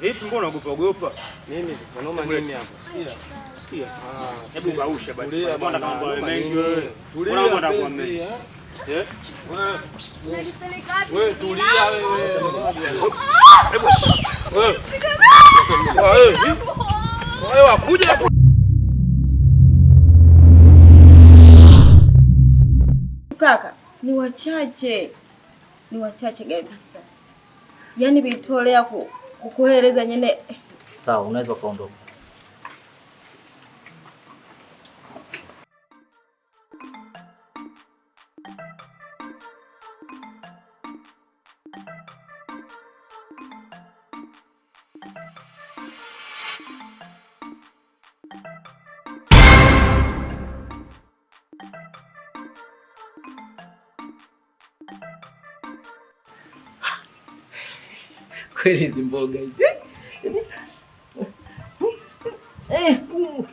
Vipi, mbona unaogopa ogopa? Mimi sasa noma nini hapa? Sikia. Sikia. Ah, Hebu kausha basi. Mbona kama mambo mengi wewe? Mbona mbona kwa mimi? Eh? Wewe. tulia wewe. Ah! Hebu. Wewe. Ah, wewe. Wewe wakuja kaka, ni wachache, ni wachache kabisa yani vitolea kukueleza nyene. Sawa, unaweza ukaondoka. Kweli hizi mboga hizi. Eh, eh, mm.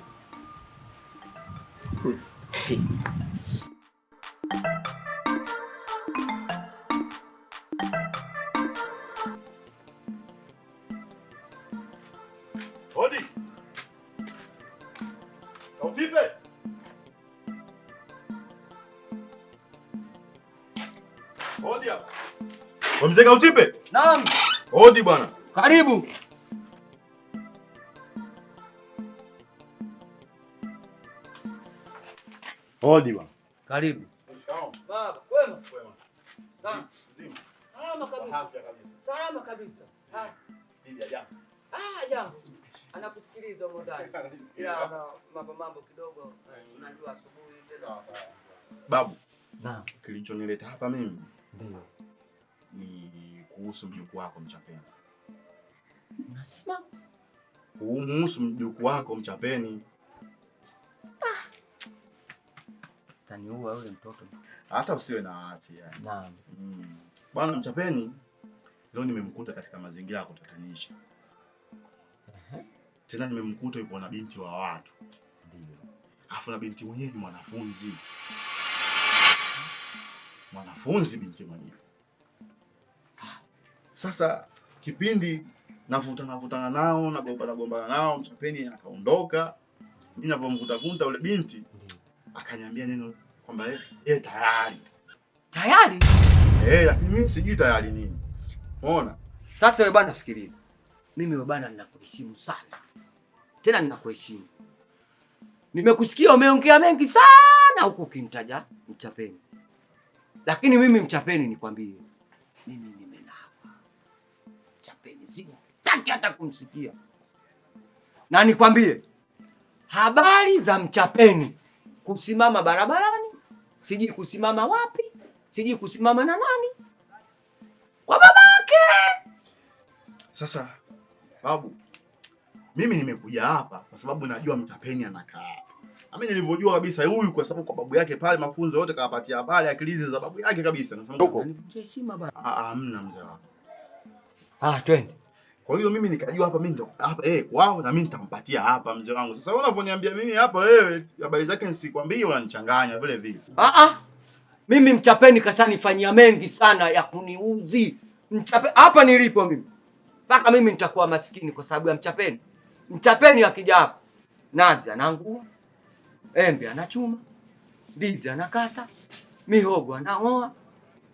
Mzee Kautipe. Naam. Hodi bwana. Karibu. Hodi bwana. Karibu. Baba, kwema? Kwema. Salama. Salama kabisa. Salama kabisa. Ha. Bibi ajabu. Ah, ajabu. Anakusikiliza huko ndani. Ila mambo mambo kidogo unajua asubuhi tena. Babu. Naam. Kilichonileta hapa mimi. Ndio. Ni kuhusu mjukuu wako Mchapeni. Unasema kuhusu mjukuu wako Mchapeni? Ah! Taniua yule mtoto. Hata usiwe na hati yani. Naam. Mm. Bwana Mchapeni leo nimemkuta katika mazingira ya kutatanisha. Uh -huh. Tena nimemkuta yuko na binti wa watu. Ndio. Alafu na binti mwenyewe ni mwanafunzi. Mwanafunzi binti mwenyewe. Sasa kipindi navuta navutana nao nagombana nao, mchapeni akaondoka. Mimi navyomvutavuta ule binti mm. akaniambia neno kwamba yeye tayari tayari, eh, lakini mimi sijui tayari nini. Unaona? Sasa wewe bwana, sikiliza mimi, wewe bwana, ninakuheshimu sana tena ninakuheshimu. Nimekusikia umeongea mengi sana huko ukimtaja Mchapeni, lakini mimi Mchapeni nikwambie mimi Chapeni sitaki hata kumsikia. Na nikwambie habari za mchapeni, kusimama barabarani, sijui kusimama wapi, sijui kusimama na nani, kwa baba yake. Sasa babu, mimi nimekuja hapa kwa sababu najua mchapeni anakaa mimi nilivyojua kabisa huyu kwa sababu kwa babu yake pale mafunzo yote kawapatia pale akilizi za babu yake kabisa. Nasema huko. Heshima baba. Ah, ah hamna mzee wangu. Ah, twende. Kwa hiyo mimi nikajua hapa mimi ndo hapa eh wao na mimi nitampatia hapa mzee wangu. Sasa wewe unavyoniambia mimi hapa wewe habari zake nisikwambie unanichanganya vile vile. Ah ah. Mimi mchapeni kashanifanyia mengi sana ya kuniudhi. Mchape hapa nilipo mimi. Mpaka mimi nitakuwa maskini kwa sababu ya mchapeni. Mchapeni akija hapa. Nazi anangua. Embe anachuma. Ndizi anakata. Mihogo anaoa.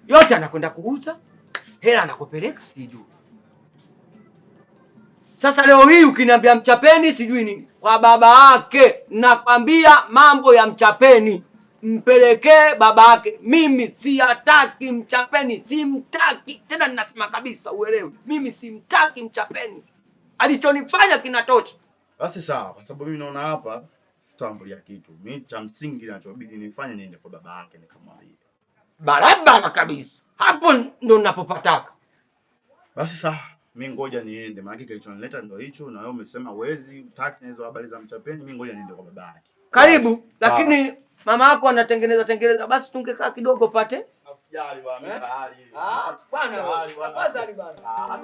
Yote anakwenda kuuza. Hela anakopeleka sijui. Sasa leo hii ukiniambia mchapeni sijui nini, kwa baba yake nakwambia, mambo ya mchapeni mpelekee baba yake. Mimi siataki mchapeni, simtaki tena, ninasema kabisa, uelewe, mimi simtaki mchapeni. Alichonifanya kinatosha. Basi sawa, kwa sababu mimi naona hapa sitambulia kitu. Mimi cha msingi ninachobidi nifanye, niende kwa baba yake nikamwambie barabara kabisa. Hapo ndo ninapopataka. Basi sawa mi ngoja niende, maana kilichonileta ndio hicho, na wewe umesema uwezi utaki na hizo habari za mchapeni, mi ngoja niende kwa baba yake. Karibu, lakini mama yako anatengeneza tengeneza, basi tungekaa kidogo pate ah, eh? ah,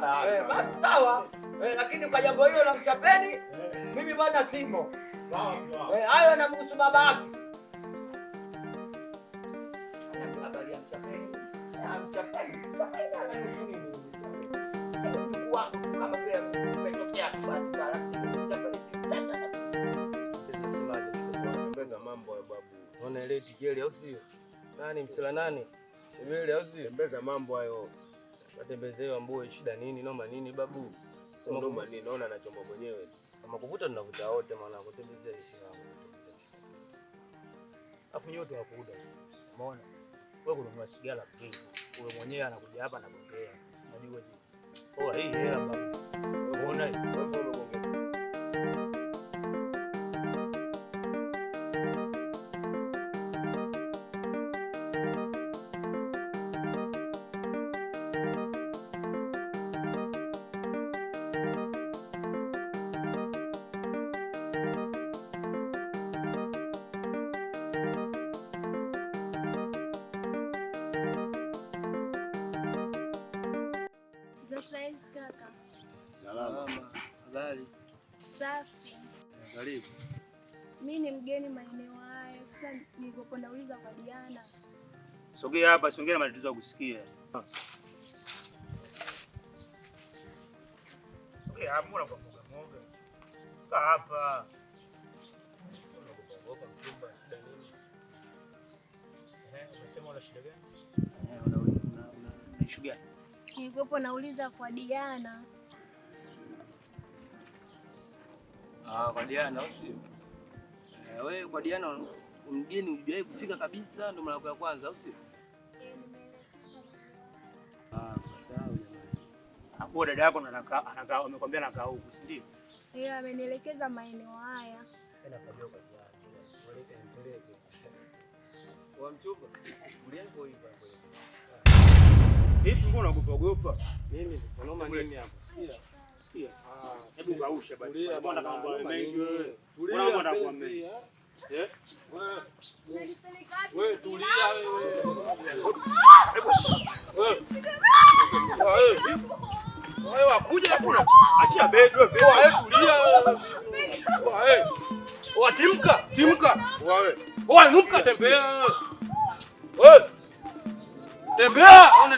ah, eh, basi sawa, eh, lakini kwa jambo hilo la mchapeni mimi bwana simo. Hayo anamhusu baba yake kuwa mambo au sio? Nani msela nani? Sebele au sio? Tembeza mambo hayo. Watembezewa mboe shida nini? Noma nini babu? Sio noma nini? Naona anachomba mwenyewe. Kama kuvuta tunavuta wote maana kutembezea ishi wangu. Afu nyote wakuda. Umeona? Wewe kununua sigara free. Wewe mwenyewe anakuja hapa anagongea. Unajua sio? ôi hay là bố này bố Za saizi kaka. Salama. Habari? Safi. Karibu. Mimi ni mgeni maeneo haya. Sasa nilipokuwa nauliza kwa Diana. Sogea hapa, siongee na matatizo ya kusikia. Sogea hapa, mbona kwa mboga mboga? Kaa hapa. shida eh, unasema una shida gani? Eh, una una gani? nilikuwepo nauliza kwa Diana. Ah, kwa Diana sio? Eh, wewe kwa Diana mgeni hujawahi kufika kabisa, ndio mara ya kwanza au sio? Ah, Kwa dada yako anakaa anakaa amekwambia anakaa huku, si ndio? Yeye amenielekeza maeneo haya. Tena kwa Diana. Kwa mchupa. Ulianza hivi hapo. Hivi mbona unaogopa ogopa? Mimi sasa noma nini hapa? Sikia. Sikia. Ah, hebu kausha basi. Mbona kama mambo mengi wewe? Mbona mbona kwa mengi? Eh? eh? Wewe. tulia wewe. Hebu. Wewe. Wewe. Wewe wakuja hakuna. Achia bega wewe. Wewe tulia wewe. Wewe timka, timka. Wewe. Wewe nuka tembea. Wewe. Tembea. Ona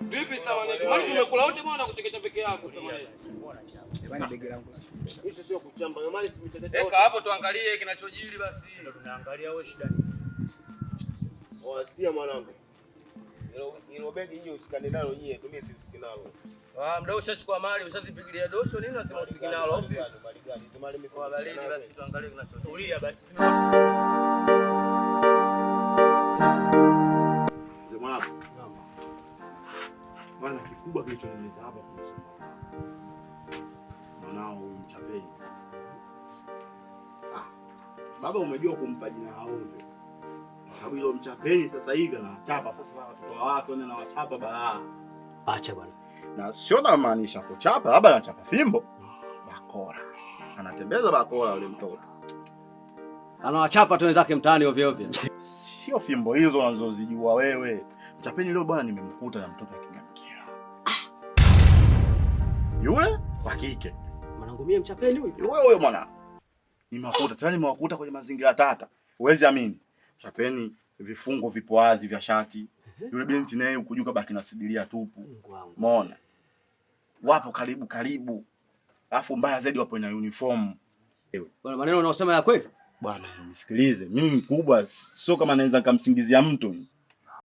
Vipi samani? Mbona umekula wote bwana kucheketa peke yako samani? Jamani begi langu la. sio kuchamba. Jamani si mcheketa. Weka hapo tuangalie kinachojiri basi. Ndio tunaangalia wewe shida nini? Wasikia oh, mwanangu. Hilo begi nyinyi usikane nalo nyinyi, tumie si usikinalo. Ah, mdau ushachukua mali, ushazipigilia dosho nini unasema usikinalo? Mali gani? Tumali msikinalo. Oh, basi tuangalie kinachojiri. Tulia basi. kikubwa kilichonileta hapa mwanao mchapeni. Ah, baba umejua kumpa jina haovyo, kwa sababu hilo mchapeni sasa hivi anawachapa sasa watoto wa watu na anawachapa baa. Acha bwana, na sio na maanisha kuchapa, labda anachapa fimbo bakora, anatembeza bakora yule mtoto anawachapa tu wenzake mtaani ovyo ovyo. Sio fimbo hizo unazozijua wewe. Mchapeni leo bwana, nimemkuta na mtoto yule wa kike. Mwanangu mie mchapeni huyu. Wewe wewe mwana. Nimewakuta tena nimewakuta kwenye mazingira tata. Huwezi amini. chapeni vifungo vipo wazi vya shati. Yule binti naye ukujuka baki na sidilia tupu. Umeona? Wapo karibu karibu. Alafu mbaya zaidi wapo na uniform. Bwana maneno unaosema ya kweli? Bwana nisikilize. Mimi mkubwa sio kama naweza nikamsingizia mtu.